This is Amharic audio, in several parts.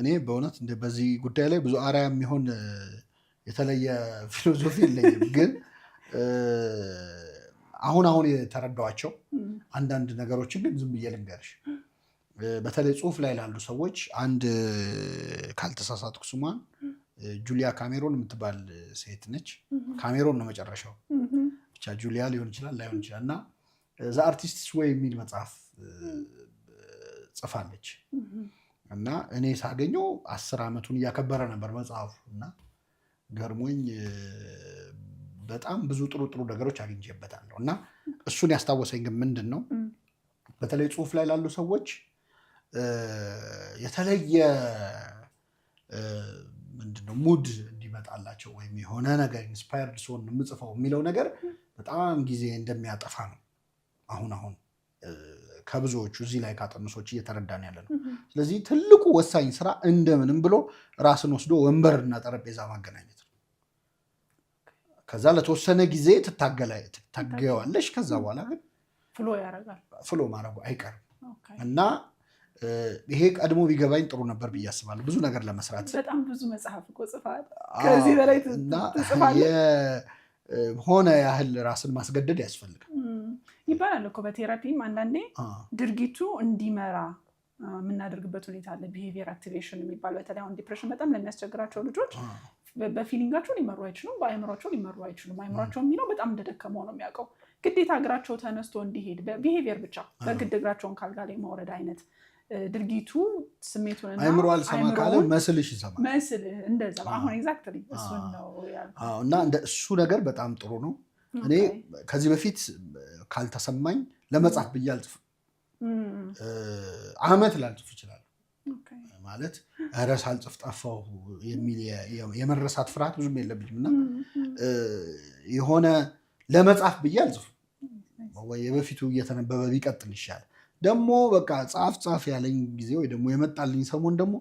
እኔ በእውነት በዚህ ጉዳይ ላይ ብዙ አርአያ የሚሆን የተለየ ፊሎዞፊ የለኝም፣ ግን አሁን አሁን የተረዳኋቸው አንዳንድ ነገሮችን ግን ዝም ብዬ ልንገርሽ። በተለይ ጽሁፍ ላይ ላሉ ሰዎች አንድ ካልተሳሳትኩ ስሟን ጁሊያ ካሜሮን የምትባል ሴት ነች። ካሜሮን ነው መጨረሻው፣ ብቻ ጁሊያ ሊሆን ይችላል ላይሆን ይችላል። እና ዘ አርቲስትስ ወይ የሚል መጽሐፍ ጽፋለች። እና እኔ ሳገኘው አስር ዓመቱን እያከበረ ነበር መጽሐፉ እና ገርሞኝ በጣም ብዙ ጥሩ ጥሩ ነገሮች አግኝቼበታለሁ እና እሱን ያስታወሰኝ ግን ምንድን ነው በተለይ ጽሁፍ ላይ ላሉ ሰዎች የተለየ ምንድነው ሙድ እንዲመጣላቸው ወይም የሆነ ነገር ኢንስፓየርድ ሲሆን የምጽፈው የሚለው ነገር በጣም ጊዜ እንደሚያጠፋ ነው አሁን አሁን ከብዙዎቹ እዚህ ላይ ካጠኑ ሰዎች እየተረዳን ያለ ነው። ስለዚህ ትልቁ ወሳኝ ስራ እንደምንም ብሎ ራስን ወስዶ ወንበርና ጠረጴዛ ማገናኘት ነው። ከዛ ለተወሰነ ጊዜ ትታገዋለሽ። ከዛ በኋላ ግን ፍሎ ማድረጉ አይቀርም እና ይሄ ቀድሞ ቢገባኝ ጥሩ ነበር ብዬ አስባለሁ። ብዙ ነገር ለመስራት በጣም ብዙ መጽሐፍ እኮ ጽፋል። ከዚህ በላይ ሆነ ያህል ራስን ማስገደድ ያስፈልጋል። ይባላል እኮ በቴራፒም አንዳንዴ ድርጊቱ እንዲመራ የምናደርግበት ሁኔታ አለ። ቢሄቪየር አክቲቬሽን የሚባል በተለይ አሁን ዲፕሬሽን በጣም ለሚያስቸግራቸው ልጆች በፊሊንጋቸው ሊመሩ አይችሉም፣ በአእምሯቸው ሊመሩ አይችሉም። አእምሯቸው የሚለው በጣም እንደደከመው ነው የሚያውቀው። ግዴታ እግራቸው ተነስቶ እንዲሄድ በቢሄቪየር ብቻ በግድ እግራቸውን ካልጋ ላይ ማውረድ አይነት ድርጊቱ ስሜቱን አይምሮ አልሰማ ካለ መስልሽ ይሰማል። መስል እንደዛ አሁን ኤግዛክትሊ እሱን ነው እና እንደ እሱ ነገር በጣም ጥሩ ነው። እኔ ከዚህ በፊት ካልተሰማኝ ለመጻፍ ብዬ አልጽፍም። አመት ላልጽፍ ይችላል ማለት ኧረ ሳልጽፍ ጠፋሁ የሚል የመረሳት ፍርሃት ብዙም የለብኝም እና የሆነ ለመጻፍ ብዬ አልጽፍም። ወይ የበፊቱ እየተነበበ ቢቀጥል ይሻል። ደግሞ በቃ ጻፍ ጻፍ ያለኝ ጊዜ ወይ ደግሞ የመጣልኝ ሰሞን ደግሞ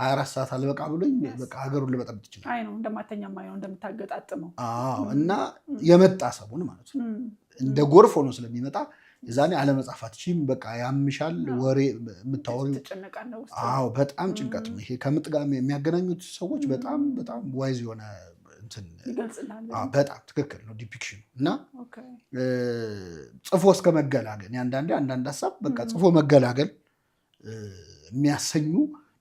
24 ሰዓት አልበቃ ብሎኝ በቃ ሀገሩን ልበጠብጥ ይችላል። እንደማተኛ ነው እንደምታገጣጥመው። እና የመጣ ሰሞን ማለት ነው እንደ ጎርፍ ሆኖ ስለሚመጣ የዛኔ አለመጻፋት ቺም በቃ ያምሻል። ወሬ የምታወሪው አዎ በጣም ጭንቀት ነው። ይሄ ከምጥ ጋር የሚያገናኙት ሰዎች በጣም በጣም ዋይዝ የሆነ በጣም ትክክል ነው ዲፒክሽን እና ጽፎ እስከ መገላገል አንዳንዴ አንዳንድ ሀሳብ በቃ ጽፎ መገላገል የሚያሰኙ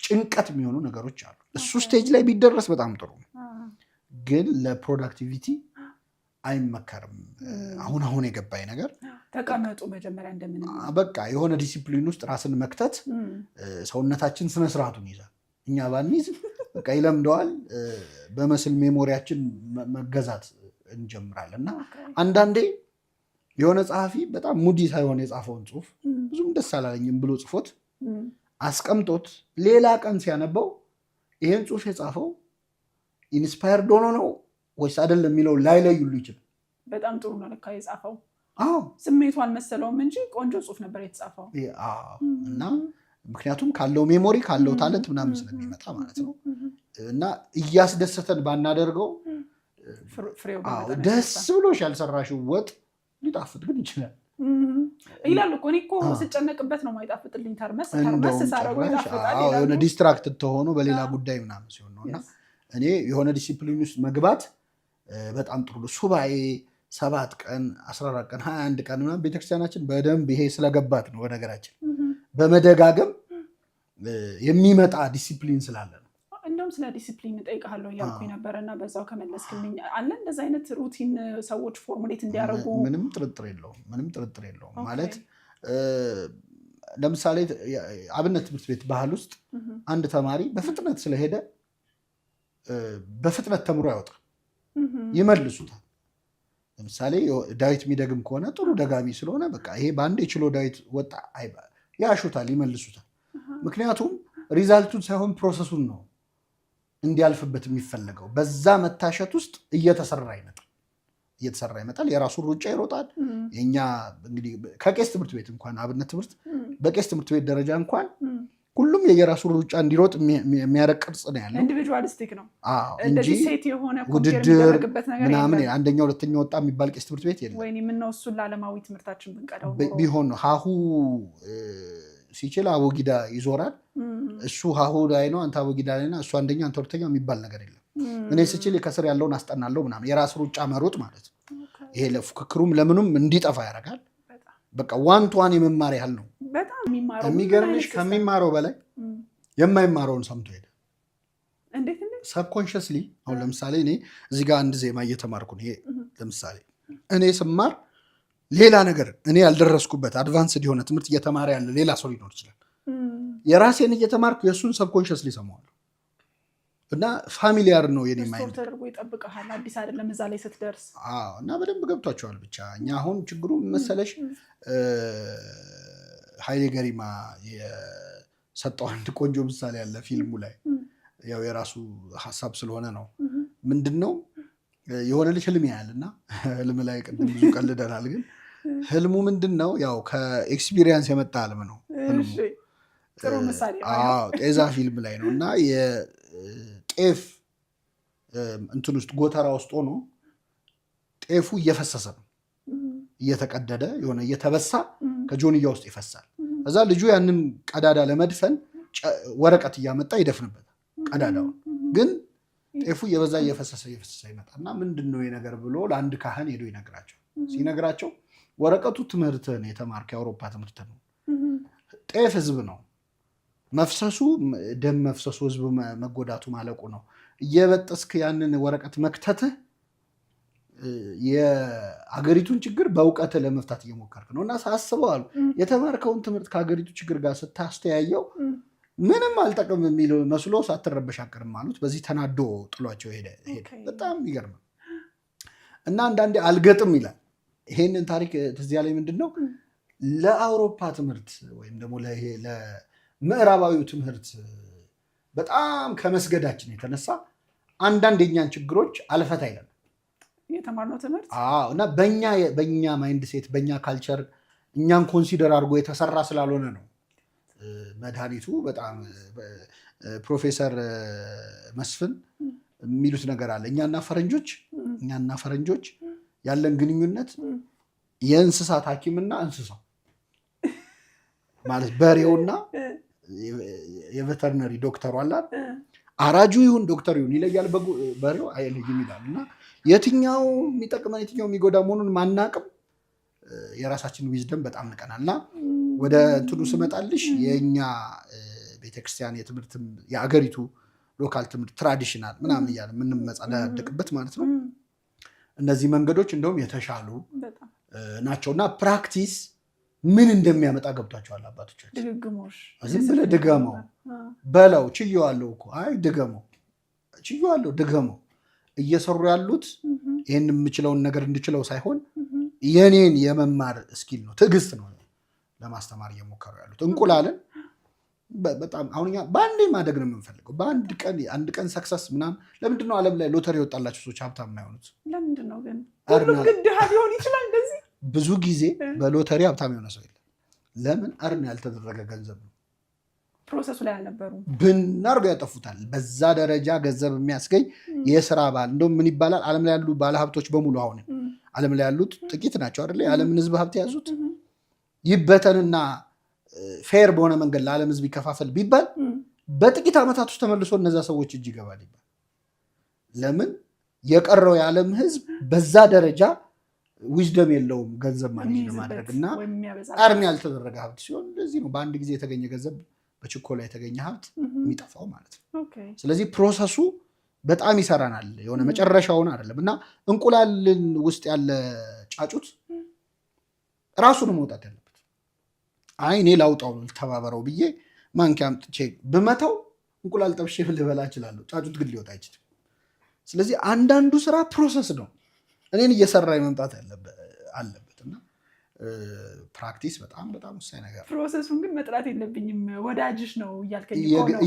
ጭንቀት የሚሆኑ ነገሮች አሉ። እሱ ስቴጅ ላይ ቢደረስ በጣም ጥሩ ነው፣ ግን ለፕሮዳክቲቪቲ አይመከርም። አሁን አሁን የገባኝ ነገር ተቀመጡ መጀመሪያ እንደምን በቃ የሆነ ዲሲፕሊን ውስጥ ራስን መክተት ሰውነታችን ስነስርዓቱን ይዛል። እኛ ባንይዝ በቃ ይለምደዋል። በመስል ሜሞሪያችን መገዛት እንጀምራለን እና አንዳንዴ የሆነ ጸሐፊ በጣም ሙዲ ሳይሆን የጻፈውን ጽሁፍ ብዙም ደስ አላለኝም ብሎ ጽፎት አስቀምጦት ሌላ ቀን ሲያነበው ይህን ጽሁፍ የጻፈው ኢንስፓየርድ ሆኖ ነው ወይስ አይደለም የሚለው ላይለዩሉ ይችላል። በጣም ጥሩ ነው ለካ የጻፈው ስሜቱ አልመሰለውም እንጂ ቆንጆ ጽሁፍ ነበር የተጻፈው። እና ምክንያቱም ካለው ሜሞሪ ካለው ታለንት ምናምን ስለሚመጣ ማለት ነው። እና እያስደሰተን ባናደርገው ደስ ብሎሽ ያልሰራሽው ወጥ ሊጣፍጥ ግን ይችላል። ይላሉ እኮ እኔ እኮ ስጨነቅበት ነው ማይጣፍጥልኝ። ተርመስ ተርመስ ሳረጉ የሆነ ዲስትራክት ተሆኑ በሌላ ጉዳይ ምናምን ሲሆን ነው እና እኔ የሆነ ዲሲፕሊን ውስጥ መግባት በጣም ጥሩ ሱባኤ ሰባት ቀን አስራ አራት ቀን ሀያ አንድ ቀን ምናምን ቤተክርስቲያናችን በደንብ ይሄ ስለገባት ነው። በነገራችን በመደጋገም የሚመጣ ዲሲፕሊን ስላለ ስለ ዲሲፕሊን እጠይቅሃለሁ እያልኩኝ ነበረ እና በዛው ከመለስክልኝ አለ እንደዚ አይነት ሩቲን ሰዎች ፎርሙሌት እንዲያደርጉ ምንም ጥርጥር የለውም። ምንም ጥርጥር የለውም። ማለት ለምሳሌ አብነት ትምህርት ቤት ባህል ውስጥ አንድ ተማሪ በፍጥነት ስለሄደ በፍጥነት ተምሮ አይወጣም፣ ይመልሱታል። ለምሳሌ ዳዊት የሚደግም ከሆነ ጥሩ ደጋሚ ስለሆነ በቃ ይሄ በአንድ የችሎ ዳዊት ወጣ ያሹታል፣ ይመልሱታል። ምክንያቱም ሪዛልቱን ሳይሆን ፕሮሰሱን ነው እንዲያልፍበት የሚፈለገው በዛ መታሸት ውስጥ እየተሰራ ይመጣል እየተሰራ ይመጣል። የራሱን ሩጫ ይሮጣል። የኛ እንግዲህ ከቄስ ትምህርት ቤት እንኳን አብነት ትምህርት በቄስ ትምህርት ቤት ደረጃ እንኳን ሁሉም የየራሱን ሩጫ እንዲሮጥ የሚያደርግ ቅርጽ ነው ያለው። ኢንዲቪጁዋሊስቲክ ነው እንጂ ውድድር ምናምን አንደኛ ሁለተኛ ወጣ የሚባል ቄስ ትምህርት ቤት የለም። ወይ የምነው እሱን ለዓለማዊ ትምህርታችን ብንቀዳው ቢሆን ነው ሀሁ ሲችል አቦጊዳ ይዞራል። እሱ ሀሁ ላይ ነው፣ አንተ አቡጊዳ ላይ ነው፣ እሱ አንደኛ፣ አንተ ሁለተኛ የሚባል ነገር የለም። እኔ ስችል ከስር ያለውን አስጠናለሁ ምናምን የራስ ሩጫ መሮጥ ማለት ነው። ይሄ ለፉክክሩም ለምኑም እንዲጠፋ ያደርጋል። በቃ ዋን ቱ ዋን የመማር ያህል ነው። የሚገርምሽ ከሚማረው በላይ የማይማረውን ሰምቶ ሄደ። ሰብኮንሽስሊ አሁን ለምሳሌ እኔ እዚህ ጋር አንድ ዜማ እየተማርኩ ነው። ይሄ ለምሳሌ እኔ ስማር ሌላ ነገር እኔ ያልደረስኩበት አድቫንስድ የሆነ ትምህርት እየተማረ ያለ ሌላ ሰው ሊኖር ይችላል። የራሴን እየተማርኩ የእሱን ሰብኮንሽስ ሊሰማዋል እና ፋሚሊያር ነው የኔ ማይንድ ተደርጎ ይጠብቀሃል። አዲስ አይደለም እዛ ላይ ስትደርስ እና በደንብ ገብቷቸዋል። ብቻ እኛ አሁን ችግሩ መሰለሽ ሀይሌ ገሪማ የሰጠው አንድ ቆንጆ ምሳሌ ያለ ፊልሙ ላይ ያው የራሱ ሀሳብ ስለሆነ ነው። ምንድን ነው የሆነ ልጅ ህልም ያያል እና ህልም ላይ ቅድም ብዙ ቀልደናል ግን ህልሙ ምንድን ነው? ያው ከኤክስፒሪየንስ የመጣ ህልም ነው። ጤዛ ፊልም ላይ ነው እና የጤፍ እንትን ውስጥ ጎተራ ውስጥ ሆኖ ጤፉ እየፈሰሰ ነው እየተቀደደ የሆነ እየተበሳ ከጆንያ ውስጥ ይፈሳል። እዛ ልጁ ያንን ቀዳዳ ለመድፈን ወረቀት እያመጣ ይደፍንበታል ቀዳዳውን። ግን ጤፉ እየበዛ እየፈሰሰ እየፈሰሰ እና ምንድን ነው ነገር ብሎ ለአንድ ካህን ሄዶ ይነግራቸው ሲነግራቸው ወረቀቱ ትምህርትን የተማርክ የአውሮፓ ትምህርት ነው። ጤፍ ህዝብ ነው መፍሰሱ፣ ደም መፍሰሱ፣ ህዝብ መጎዳቱ ማለቁ ነው። እየበጠስክ ያንን ወረቀት መክተትህ የአገሪቱን ችግር በእውቀት ለመፍታት እየሞከርክ ነው እና ሳስበው የተማርከውን ትምህርት ከሀገሪቱ ችግር ጋር ስታስተያየው ምንም አልጠቅም የሚል መስሎ ሳትረበሽ አቅርም አሉት። በዚህ ተናዶ ጥሏቸው ሄደ። በጣም ይገርማል። እና አንዳንዴ አልገጥም ይላል ይሄንን ታሪክ ትዚያ ላይ ምንድን ነው ለአውሮፓ ትምህርት ወይም ደግሞ ለምዕራባዊው ትምህርት በጣም ከመስገዳችን የተነሳ አንዳንድ የኛን ችግሮች አልፈት አይለም የተማርነው ትምህርት እና በኛ ማይንድ ሴት በኛ ካልቸር እኛን ኮንሲደር አድርጎ የተሰራ ስላልሆነ ነው። መድኃኒቱ በጣም ፕሮፌሰር መስፍን የሚሉት ነገር አለ። እኛና ፈረንጆች እኛና ፈረንጆች ያለን ግንኙነት የእንስሳት ሐኪምና እንስሳው ማለት በሬውና የቬተርነሪ ዶክተሩ አላት። አራጁ ይሁን ዶክተር ይሁን ይለያል። በሬው አይለይም ይላል እና የትኛው የሚጠቅመን የትኛው የሚጎዳ መሆኑን ማናቅም የራሳችን ዊዝደም በጣም ንቀናል እና ወደ እንትኑ ስመጣልሽ የእኛ ቤተክርስቲያን የትምህርት የአገሪቱ ሎካል ትምህርት ትራዲሽናል ምናምን እያለ የምንመጻደቅበት ማለት ነው እነዚህ መንገዶች እንደውም የተሻሉ ናቸው እና ፕራክቲስ ምን እንደሚያመጣ ገብቷቸዋል አባቶቻችን። ዝም ብለህ ድገመው በለው ችየዋለሁ እኮ አይ ድገመው ችየዋለሁ ድገመው። እየሰሩ ያሉት ይህን የምችለውን ነገር እንድችለው ሳይሆን የኔን የመማር እስኪል ነው፣ ትዕግስት ነው ለማስተማር እየሞከሩ ያሉት እንቁላልን በጣም አሁን እኛ በአንዴ ማደግ ነው የምንፈልገው። በአንድ ቀን አንድ ቀን ሰክሰስ ምናምን። ለምንድን ነው ዓለም ላይ ሎተሪ የወጣላቸው ሰዎች ሀብታም የማይሆኑት? ለምንድን ነው ግን? ሁሉም ድሃ ሊሆን ይችላል። እንደዚህ ብዙ ጊዜ በሎተሪ ሀብታም የሆነ ሰው የለም። ለምን? አርን ያልተደረገ ገንዘብ ነው። ፕሮሰሱ ላይ አልነበሩ ብናርገ ያጠፉታል። በዛ ደረጃ ገንዘብ የሚያስገኝ የስራ ባል እንደውም ምን ይባላል? ዓለም ላይ ያሉ ባለሀብቶች በሙሉ አሁን ዓለም ላይ ያሉት ጥቂት ናቸው አይደለ? የዓለምን ህዝብ ሀብት የያዙት ይበተንና ፌር በሆነ መንገድ ለዓለም ህዝብ ይከፋፈል ቢባል በጥቂት ዓመታት ውስጥ ተመልሶ እነዛ ሰዎች እጅ ይገባል ይባል። ለምን የቀረው የዓለም ህዝብ በዛ ደረጃ ዊዝደም የለውም ገንዘብ ማ ለማድረግ እና ቃርሚ ያልተደረገ ሀብት ሲሆን እንደዚህ ነው። በአንድ ጊዜ የተገኘ ገንዘብ በችኮላ የተገኘ ሀብት የሚጠፋው ማለት ነው። ስለዚህ ፕሮሰሱ በጣም ይሰራናል። የሆነ መጨረሻውን አይደለም እና እንቁላልን ውስጥ ያለ ጫጩት ራሱን መውጣት ያለ አይ እኔ ላውጣው ልተባበረው ብዬ ማንኪያ አምጥቼ ብመተው እንቁላል ጠብሼ ልበላ እችላለሁ። ጫጩት ግን ሊወጣ አይችልም። ስለዚህ አንዳንዱ ስራ ፕሮሰስ ነው። እኔን እየሰራ መምጣት አለበት እና ፕራክቲስ በጣም በጣም ወሳኝ ነገር። ፕሮሰሱን ግን መጥራት የለብኝም። ወዳጅሽ ነው እያልከኝ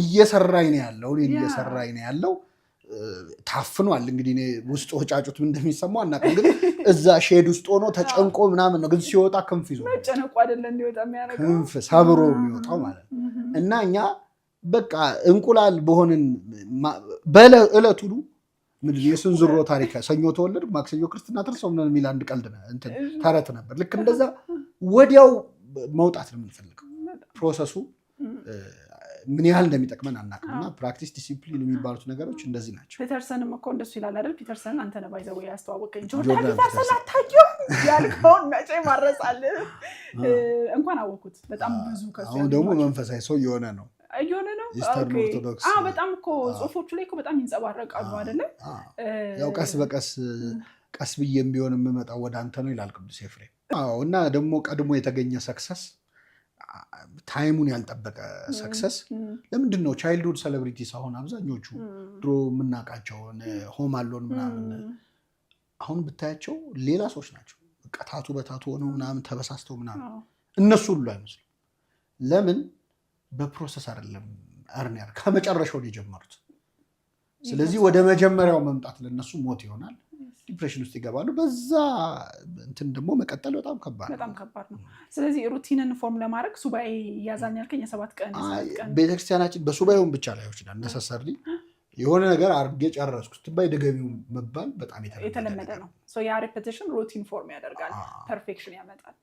እየሰራኝ ነው ያለው እየሰራኝ ነው ያለው ታፍኗል። እንግዲህ እኔ ውስጥ ወጫጩት ምን እንደሚሰማው አናውቅም፣ ግን እዛ ሼድ ውስጥ ሆኖ ተጨንቆ ምናምን ነው። ግን ሲወጣ ክንፍ ይዞ ክንፍ ሰብሮ የሚወጣው ማለት ነው። እና እኛ በቃ እንቁላል በሆንን በእለቱ ምንድን የስንዝሮ ታሪክ ሰኞ ተወለድ፣ ማክሰኞ ክርስትና፣ ተርሰው ምን የሚል አንድ ቀልድ ተረት ነበር። ልክ እንደዛ ወዲያው መውጣት ነው የምንፈልገው ፕሮሰሱ ምን ያህል እንደሚጠቅመን አናውቅም። እና ፕራክቲስ ዲሲፕሊን የሚባሉት ነገሮች እንደዚህ ናቸው። ፒተርሰንም እኮ እንደሱ ይላል አይደል? ፒተርሰን አንተ ነህ ባይዘው ያስተዋወቀኝ። ጆርዳን ፒተርሰን አታውቂውም? ያልከውን መቼ ማረሳል። እንኳን አወኩት። በጣም ብዙ አሁን ደግሞ መንፈሳዊ ሰው የሆነ ነው እየሆነ ነው። ኢስተርን ኦርቶዶክስ በጣም እኮ ጽሁፎቹ ላይ በጣም ይንጸባረቃሉ አይደለ? ያው ቀስ በቀስ ቀስ ብዬ ቢሆን የምመጣው ወደ አንተ ነው ይላል ቅዱስ ኤፍሬም እና ደግሞ ቀድሞ የተገኘ ሰክሰስ ታይሙን ያልጠበቀ ሰክሰስ ለምንድን ነው ቻይልድሁድ ሴሌብሪቲ ሳሆን አብዛኞቹ ድሮ የምናውቃቸውን ሆም አሎን ምናምን አሁን ብታያቸው ሌላ ሰዎች ናቸው። ቀታቱ በታቱ ሆነው ምናምን ተበሳስተው ምናምን እነሱ ሁሉ አይመስሉም። ለምን በፕሮሰስ አይደለም እርን ከመጨረሻው የጀመሩት። ስለዚህ ወደ መጀመሪያው መምጣት ለነሱ ሞት ይሆናል። ዲፕሬሽን ውስጥ ይገባሉ። በዛ እንትን ደግሞ መቀጠል በጣም ከባድ በጣም ከባድ ነው። ስለዚህ ሩቲንን ፎርም ለማድረግ ሱባኤ ያዛኝ ያልከኝ የሰባት ቀን ቤተክርስቲያናችን በሱባኤውን ብቻ ላይ ይችላል ነሰሰር የሆነ ነገር አርጌ ጨረስኩ ስትባይ ደገቢው መባል በጣም የተለመደ ነው። ያ ሬፐቲሽን ሩቲን ፎርም ያደርጋል፣ ፐርፌክሽን ያመጣል።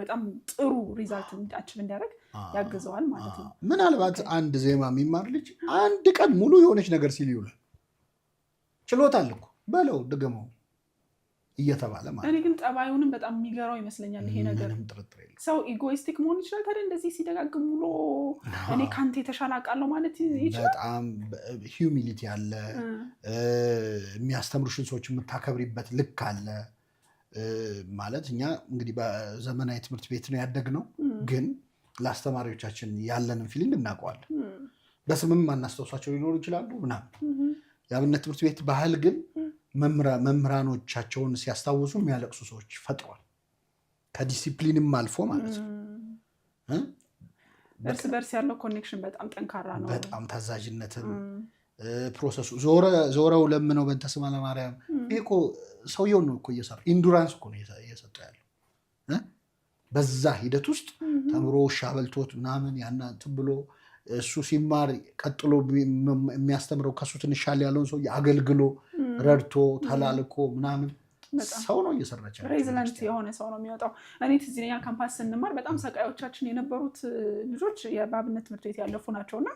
በጣም ጥሩ ሪዛልት አችብ እንዲያደርግ ያግዘዋል ማለት ነው። ምናልባት አንድ ዜማ የሚማር ልጅ አንድ ቀን ሙሉ የሆነች ነገር ሲል ይውላል። ችሎታል እኮ በለው ድገመው እየተባለ ማለት እኔ ግን ጠባዩንም በጣም የሚገራው ይመስለኛል። ይሄ ነገር ሰው ኢጎይስቲክ መሆን ይችላል። ታዲያ እንደዚህ ሲደጋግም ውሎ እኔ ከአንተ የተሻለ አውቃለሁ ማለት ይችላል። በጣም ሂዩሚሊቲ አለ፣ የሚያስተምሩሽን ሰዎች የምታከብሪበት ልክ አለ ማለት እኛ እንግዲህ በዘመናዊ ትምህርት ቤት ነው ያደግነው፣ ግን ለአስተማሪዎቻችን ያለንን ፊሊንግ እናውቀዋለን። በስምም አናስታውሳቸው ሊኖሩ ይችላሉ ምናምን የአብነት ትምህርት ቤት ባህል ግን መምህራኖቻቸውን ሲያስታውሱ የሚያለቅሱ ሰዎች ፈጥሯል። ከዲሲፕሊንም አልፎ ማለት ነው። እርስ በርስ ያለው ኮኔክሽን በጣም ጠንካራ ነው። በጣም ታዛዥነትን ፕሮሰሱ ዞረው ለምነው በእንተስማ ለማርያም ይሄ እኮ ሰውየውን ነው እኮ እየሰራ ኢንዱራንስ እኮ ነው እየሰጠ ያለው። በዛ ሂደት ውስጥ ተምሮ ውሻ በልቶት ምናምን ያና ብሎ እሱ ሲማር ቀጥሎ የሚያስተምረው ከሱ ትንሻል ያለውን ሰው አገልግሎ ረድቶ ተላልኮ ምናምን ሰው ነው እየሰራች ሬዚለንት የሆነ ሰው ነው የሚወጣው። እኔ ትዝ ይለኛል ካምፓስ ስንማር በጣም ሰቃዮቻችን የነበሩት ልጆች የባብነት ትምህርት ቤት ያለፉ ናቸው እና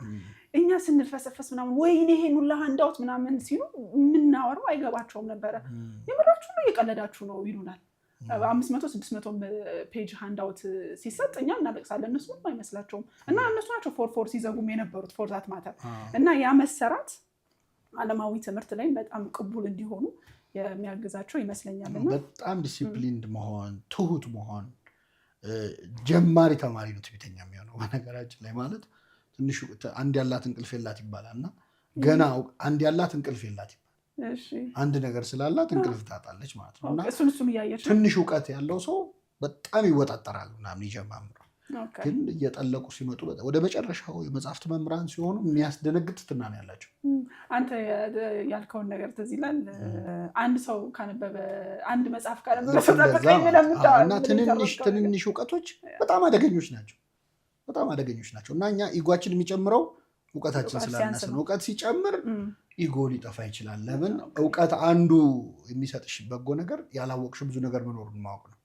እኛ ስንልፈሰፈስ ምናምን ወይኔ ይሄ ኑላ እንዳውት ምናምን ሲሉ የምናወራው አይገባቸውም ነበረ። የምራችሁ ነው እየቀለዳችሁ ነው ይሉናል። አምስት መቶ ስድስት መቶ ፔጅ ሀንዳውት ሲሰጥ እኛ እናለቅሳለን። እነሱ ምንም አይመስላቸውም እና እነሱ ናቸው ፎር ፎር ሲዘጉም የነበሩት ፎር ዛት ማተር እና ያ መሰራት አለማዊ ትምህርት ላይ በጣም ቅቡል እንዲሆኑ የሚያግዛቸው ይመስለኛል። በጣም ዲሲፕሊንድ መሆን፣ ትሁት መሆን ጀማሪ ተማሪ ነው ትዕቢተኛ የሚሆነው በነገራችን ላይ ማለት ትንሹ አንድ ያላት እንቅልፍ የላት ይባላል እና ገና አንድ ያላት እንቅልፍ የላት አንድ ነገር ስላላት እንቅልፍ ታጣለች ማለት ነው። እና ትንሽ እውቀት ያለው ሰው በጣም ይወጣጠራል ምናምን ይጀማምራል። ግን እየጠለቁ ሲመጡ ወደ መጨረሻው የመጽሐፍት መምህራን ሲሆኑ የሚያስደነግጥ ትናን ያላቸው። አንተ ያልከውን ነገር ትዝ ይላል። አንድ ሰው ካነበበ አንድ መጽሐፍ ካነበበና ትንንሽ ትንንሽ እውቀቶች በጣም አደገኞች ናቸው፣ በጣም አደገኞች ናቸው። እና እኛ ኢጓችን የሚጨምረው እውቀታችን ስላነሰ ነው። እውቀት ሲጨምር ኢጎ ሊጠፋ ይችላል። ለምን እውቀት አንዱ የሚሰጥሽ በጎ ነገር ያላወቅሽ ብዙ ነገር መኖሩን ማወቅ ነው።